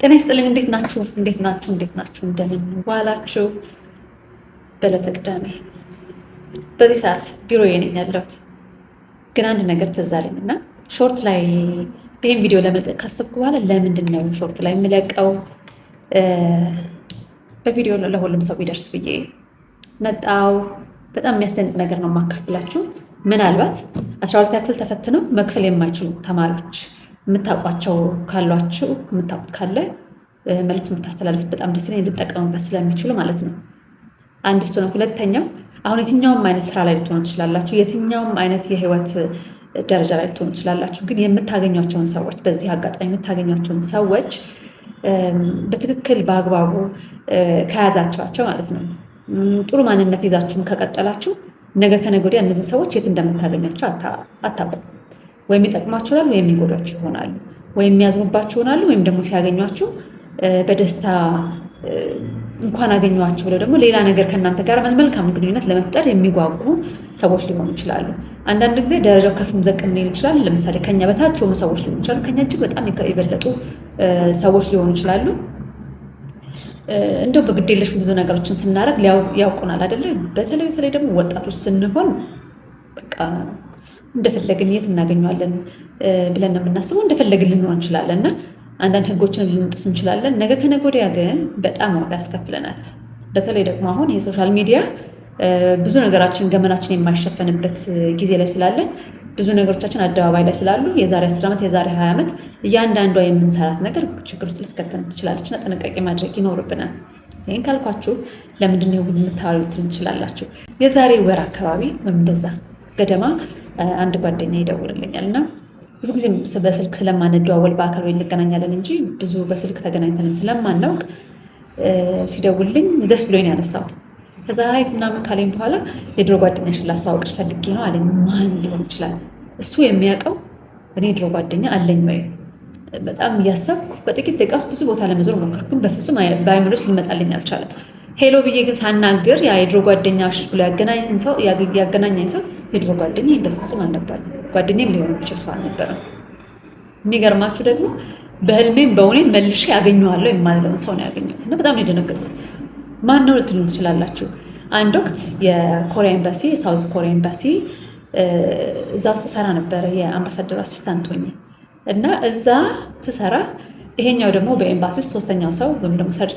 ጤና ይስጥልኝ። እንዴት ናችሁ? እንዴት ናችሁ? እንዴት ናችሁ? እንደምን ዋላችሁ? በዕለተ ቅዳሜ በዚህ ሰዓት ቢሮ ነኝ ያለሁት፣ ግን አንድ ነገር ትዝ አለኝ እና ሾርት ላይ ይህን ቪዲዮ ለመልቀቅ ካሰብኩ በኋላ ለምንድን ነው ሾርት ላይ የምለቀው በቪዲዮ ለሁሉም ሰው ቢደርስ ብዬ መጣው። በጣም የሚያስደንቅ ነገር ነው የማካፍላችሁ። ምናልባት አስራ ሁለት ያክል ተፈትነው መክፈል የማይችሉ ተማሪዎች የምታውቋቸው ካሏችሁ የምታውቁት ካለ መልዕክት የምታስተላልፉት በጣም ደስ ይለኝ፣ ልጠቀሙበት ስለሚችሉ ማለት ነው። አንድ እሱ ነው። ሁለተኛው አሁን የትኛውም አይነት ስራ ላይ ልትሆኑ ትችላላችሁ። የትኛውም አይነት የህይወት ደረጃ ላይ ልትሆኑ ትችላላችሁ። ግን የምታገኟቸውን ሰዎች በዚህ አጋጣሚ የምታገኟቸውን ሰዎች በትክክል በአግባቡ ከያዛቸዋቸው ማለት ነው ጥሩ ማንነት ይዛችሁም ከቀጠላችሁ ነገ ከነገ ወዲያ እነዚህ ሰዎች የት እንደምታገኛቸው አታውቁም። ወይም ይጠቅማቸው ይሆናል ወይም ይጎዳቸው ይሆናሉ ወይም የሚያዝኑባቸው ይሆናሉ ወይም ደግሞ ሲያገኟችሁ በደስታ እንኳን አገኘኋችሁ ብለው ደግሞ ሌላ ነገር ከእናንተ ጋር መልካም ግንኙነት ለመፍጠር የሚጓጉ ሰዎች ሊሆኑ ይችላሉ። አንዳንድ ጊዜ ደረጃው ከፍም ዘቅም ሊሆን ይችላል። ለምሳሌ ከኛ በታች የሆኑ ሰዎች ሊሆኑ ይችላሉ። ከኛ እጅግ በጣም የበለጡ ሰዎች ሊሆኑ ይችላሉ። እንደው በግዴለሽ ብዙ ነገሮችን ስናደርግ ያውቁናል አይደለ? በተለይ በተለይ ደግሞ ወጣቶች ስንሆን በቃ እንደፈለግን የት እናገኘዋለን ብለን ነው የምናስበው። እንደፈለግን ልንሆን እንችላለን እና አንዳንድ ህጎችን ልንጥስ እንችላለን። ነገ ከነገ ወዲያ ግን በጣም ዋጋ ያስከፍለናል። በተለይ ደግሞ አሁን የሶሻል ሚዲያ ብዙ ነገራችን ገመናችን የማይሸፈንበት ጊዜ ላይ ስላለን ብዙ ነገሮቻችን አደባባይ ላይ ስላሉ የዛሬ አስር ዓመት የዛሬ 20 ዓመት እያንዳንዷ የምንሰራት ነገር ችግር ውስጥ ልትከተን ትችላለች እና ጥንቃቄ ማድረግ ይኖርብናል። ይህን ካልኳችሁ ለምንድን ነው የምታወሉት ትችላላችሁ። የዛሬ ወር አካባቢ ወይም እንደዛ ገደማ አንድ ጓደኛ ይደውልልኛል እና ብዙ ጊዜ በስልክ ስለማንደዋወል በአካል ወይ እንገናኛለን እንጂ ብዙ በስልክ ተገናኝተንም ስለማናውቅ ሲደውልልኝ ደስ ብሎኝ ነው ያነሳሁት። ከዛ ሀይ ምናምን ካለኝ በኋላ የድሮ ጓደኛሽን ላስተዋወቅሽ ፈልጌ ነው አለኝ። ማን ሊሆን ይችላል? እሱ የሚያውቀው እኔ የድሮ ጓደኛ አለኝ ወይ? በጣም እያሰብኩ በጥቂት ደቂቃ ውስጥ ብዙ ቦታ ለመዞር ሞከርኩ፣ ግን በፍጹም በአይምሮ ውስጥ ሊመጣልኝ አልቻለም። ሄሎ ብዬ ግን ሳናግር ያ የድሮ ጓደኛሽ ብሎ ያገናኘኝ ሰው የድሮ ጓደኛ በፍጹም አልነበረም። ጓደኛም ሊሆን የሚችል ሰው አልነበረም። የሚገርማችሁ ደግሞ በህልሜም በእውኔም መልሼ ያገኘዋለሁ የማለውን ሰው ነው ያገኘሁት እና በጣም የደነገጥኩት ማን ነው ልትሉ ትችላላችሁ። አንድ ወቅት የኮሪያ ኤምባሲ ሳውዝ ኮሪያ ኤምባሲ እዛ ውስጥ ሰራ ነበረ የአምባሳደሩ አሲስታንት ሆኜ እና እዛ ስሰራ ይሄኛው ደግሞ በኤምባሲ ውስጥ ሶስተኛው ሰው ወይም ደግሞ ሰርድ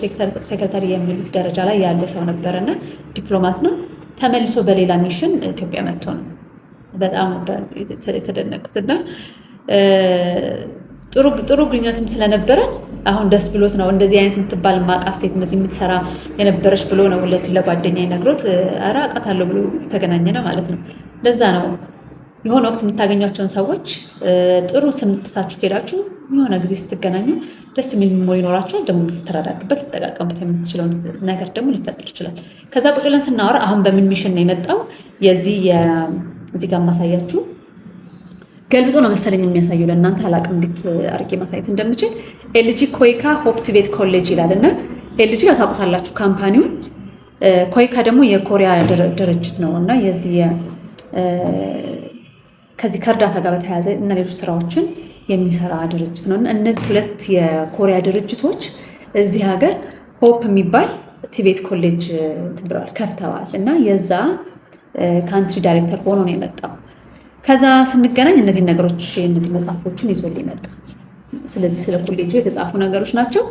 ሴክረታሪ የሚሉት ደረጃ ላይ ያለ ሰው እና ዲፕሎማት ነው ተመልሶ በሌላ ሚሽን ኢትዮጵያ መጥቶ ነው። በጣም የተደነቁት እና ጥሩ ግንኙነትም ስለነበረ አሁን ደስ ብሎት ነው እንደዚህ አይነት የምትባል ማቃት ሴት እንደዚህ የምትሰራ የነበረች ብሎ ነው ለዚህ ለጓደኛ ነግሮት ኧረ አውቃታለሁ ብሎ የተገናኘ ነው ማለት ነው። ለዛ ነው የሆነ ወቅት የምታገኟቸውን ሰዎች ጥሩ ስምጥታችሁ ሄዳችሁ የሆነ ጊዜ ስትገናኙ ደስ የሚል ሚሞሪ ይኖራችኋል። ደግሞ ልትተረዳዱበት ልጠቃቀሙበት የምትችለውን ነገር ደግሞ ሊፈጥር ይችላል። ከዛ ቁጭ ብለን ስናወራ አሁን በምን ሚሽን ነው የመጣው የዚህ እዚህ ጋር ማሳያችሁ ገልብጦ ነው መሰለኝ የሚያሳየው ለእናንተ አላቅም እንዴት አርጌ ማሳየት እንደምችል። ኤልጂ ኮይካ ሆፕት ቤት ኮሌጅ ይላል እና ኤልጂ ያው ታውቁታላችሁ ካምፓኒውን። ኮይካ ደግሞ የኮሪያ ድርጅት ነው እና የዚህ ከዚህ ከእርዳታ ጋር በተያያዘ እና ሌሎች ስራዎችን የሚሰራ ድርጅት ነው እነዚህ ሁለት የኮሪያ ድርጅቶች እዚህ ሀገር ሆፕ የሚባል ቲቤት ኮሌጅ ትብለዋል ከፍተዋል እና የዛ ካንትሪ ዳይሬክተር ሆኖ ነው የመጣው። ከዛ ስንገናኝ እነዚህ ነገሮች እነዚህ መጽሐፎችን ይዞ ሊመጣ ስለዚህ ስለ ኮሌጁ የተጻፉ ነገሮች ናቸው።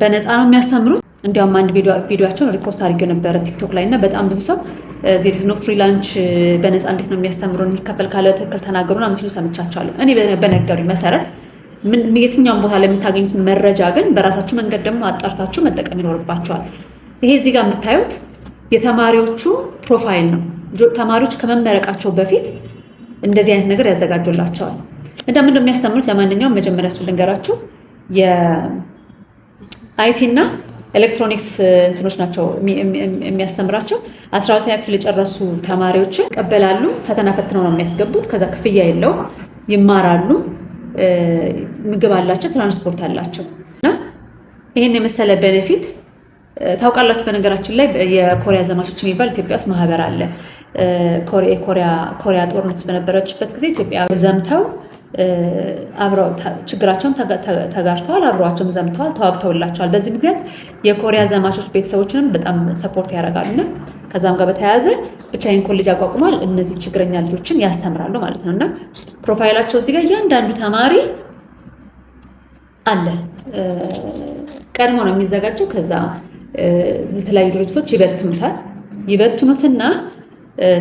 በነፃ ነው የሚያስተምሩት። እንዲያውም አንድ ቪዲዮቸውን ሪፖስት አድርጌው ነበረ ቲክቶክ ላይ እና በጣም ብዙ ሰው ዜሪዝ ነው ፍሪላንች በነፃ እንዴት ነው የሚያስተምሩን የሚከፈል ካለ ትክክል ተናገሩን አምስሉ ሰምቻቸዋለሁ። እኔ በነገሩኝ መሰረት የትኛውም ቦታ ላይ መረጃ ግን በራሳችሁ መንገድ ደግሞ አጣርታችሁ መጠቀም ይኖርባቸዋል። ይሄ እዚህ ጋር የምታዩት የተማሪዎቹ ፕሮፋይል ነው። ተማሪዎች ከመመረቃቸው በፊት እንደዚህ አይነት ነገር ያዘጋጁላቸዋል። እንዳ ምንድ የሚያስተምሩት ለማንኛውም መጀመሪያ እሱ ልንገራችሁ የአይቲ እና ኤሌክትሮኒክስ እንትኖች ናቸው የሚያስተምራቸው። አስራ ሁለተኛ ክፍል የጨረሱ ተማሪዎችን ይቀበላሉ። ፈተና ፈትነው ነው የሚያስገቡት። ከዛ ክፍያ የለው ይማራሉ። ምግብ አላቸው፣ ትራንስፖርት አላቸው እና ይህን የመሰለ ቤኔፊት ታውቃላችሁ። በነገራችን ላይ የኮሪያ ዘማቾች የሚባል ኢትዮጵያ ውስጥ ማህበር አለ። የኮሪያ ጦርነት በነበረችበት ጊዜ ኢትዮጵያ ዘምተው አብረው ችግራቸውን ተጋርተዋል፣ አብረዋቸውም ዘምተዋል፣ ተዋግተውላቸዋል። በዚህ ምክንያት የኮሪያ ዘማቾች ቤተሰቦችንም በጣም ሰፖርት ያደርጋሉና ከዛም ጋር በተያያዘ ብቻዬን ኮሌጅ አቋቁሟል። እነዚህ ችግረኛ ልጆችን ያስተምራሉ ማለት ነው እና ፕሮፋይላቸው እዚህ ጋር እያንዳንዱ ተማሪ አለ ቀድሞ ነው የሚዘጋጀው። ከዛ የተለያዩ ድርጅቶች ይበትኑታል። ይበትኑትና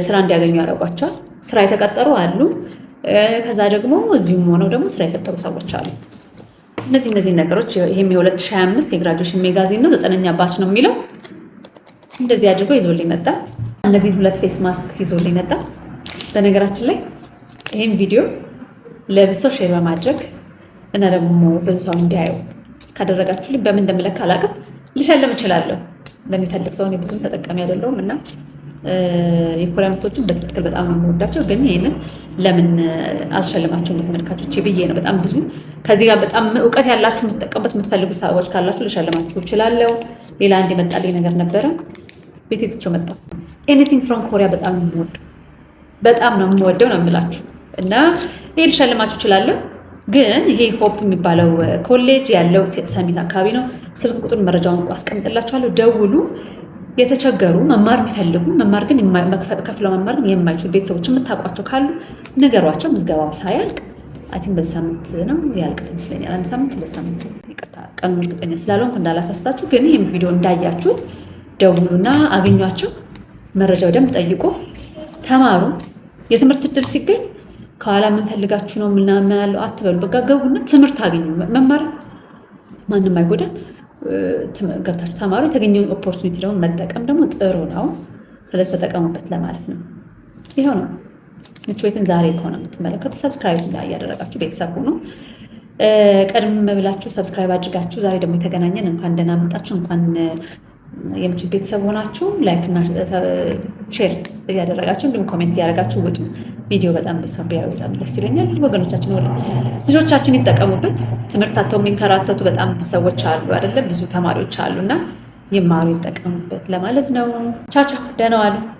ስራ እንዲያገኙ ያደርጓቸዋል። ስራ የተቀጠሩ አሉ። ከዛ ደግሞ እዚሁም ሆነው ደግሞ ስራ የፈጠሩ ሰዎች አሉ። እነዚህ እነዚህ ነገሮች ይህም የ2025 የግራጁዌሽን ሜጋዚን ነው። ዘጠነኛ ባች ነው የሚለው እንደዚህ አድርጎ ይዞልኝ መጣ። እነዚህን ሁለት ፌስ ማስክ ይዞልኝ መጣ። በነገራችን ላይ ይህም ቪዲዮ ለብዙ ሰው ሼር በማድረግ እና ደግሞ ብዙ ሰው እንዲያየው ካደረጋችሁ በምን እንደምለካ አላውቅም፣ ልሸልም እችላለሁ። ለሚፈልግ ሰው ብዙም ተጠቃሚ አይደለሁም እና የኮሪያ ምርቶችን በትክክል በጣም ነው የምወዳቸው። ግን ይህንን ለምን አልሸልማቸውም ለተመልካቾች ብዬ ነው። በጣም ብዙ ከዚህ ጋር በጣም እውቀት ያላችሁ የምትጠቀሙበት የምትፈልጉ ሰዎች ካላችሁ ልሸልማችሁ እችላለሁ። ሌላ አንድ የመጣልኝ ነገር ነበረ፣ ቤት የትቸው መጣ። ኤኒቲንግ ፍሮም ኮሪያ በጣም የምወደው በጣም ነው የምወደው ነው የምላችሁ እና ይሄ ልሸልማችሁ እችላለሁ። ግን ይሄ ሆፕ የሚባለው ኮሌጅ ያለው ሰሚት አካባቢ ነው። ስልክ ቁጥሩን መረጃውን አስቀምጥላችኋለሁ፣ ደውሉ። የተቸገሩ መማር የሚፈልጉ መማር ግን ከፍለው መማር ግን የማይችሉ ቤተሰቦች የምታውቋቸው ካሉ ነገሯቸው። ምዝገባው ሳያልቅ አይን በዚህ ሳምንት ነው ያልቅ ይመስለኛል። አንድ ሳምንት ሁለት ሳምንት ይቅርታ፣ ቀኑ እርግጠኛ ስላልሆንኩ እንዳላሳስታችሁ፣ ግን ይህም ቪዲዮ እንዳያችሁት ደውሉና አገኟቸው። መረጃ በደንብ ጠይቁ፣ ተማሩ። የትምህርት እድል ሲገኝ ከኋላ የምንፈልጋችሁ ነው ምናምን አለው አትበሉ። በቃ ገቡና ትምህርት አገኙ። መማር ማንም አይጎዳም። ገብታችሁ ተማሩ። የተገኘውን ኦፖርቹኒቲ ደግሞ መጠቀም ደግሞ ጥሩ ነው። ስለዚህ ተጠቀሙበት ለማለት ነው። ይኸው ነው። ምች ቤትን ዛሬ ከሆነ የምትመለከቱ ሰብስክራይብ ላይ እያደረጋችሁ ቤተሰብ ሆኑ። ቀድም ብላችሁ ሰብስክራይብ አድርጋችሁ ዛሬ ደግሞ የተገናኘን እንኳን ደህና መጣችሁ፣ እንኳን የምች ቤተሰብ ሆናችሁ ላይክ እና ሼር እያደረጋችሁ እንዲሁም ኮሜንት እያደረጋችሁ ውጡ። ቪዲዮ በጣም ሰው ቢያዩ በጣም ደስ ይለኛል። ወገኖቻችን ልጆቻችን ይጠቀሙበት። ትምህርት አተው የሚንከራተቱ በጣም ሰዎች አሉ አይደለም? ብዙ ተማሪዎች አሉ እና ይማሩ ይጠቀሙበት ለማለት ነው። ቻቻ ደህና ዋሉ።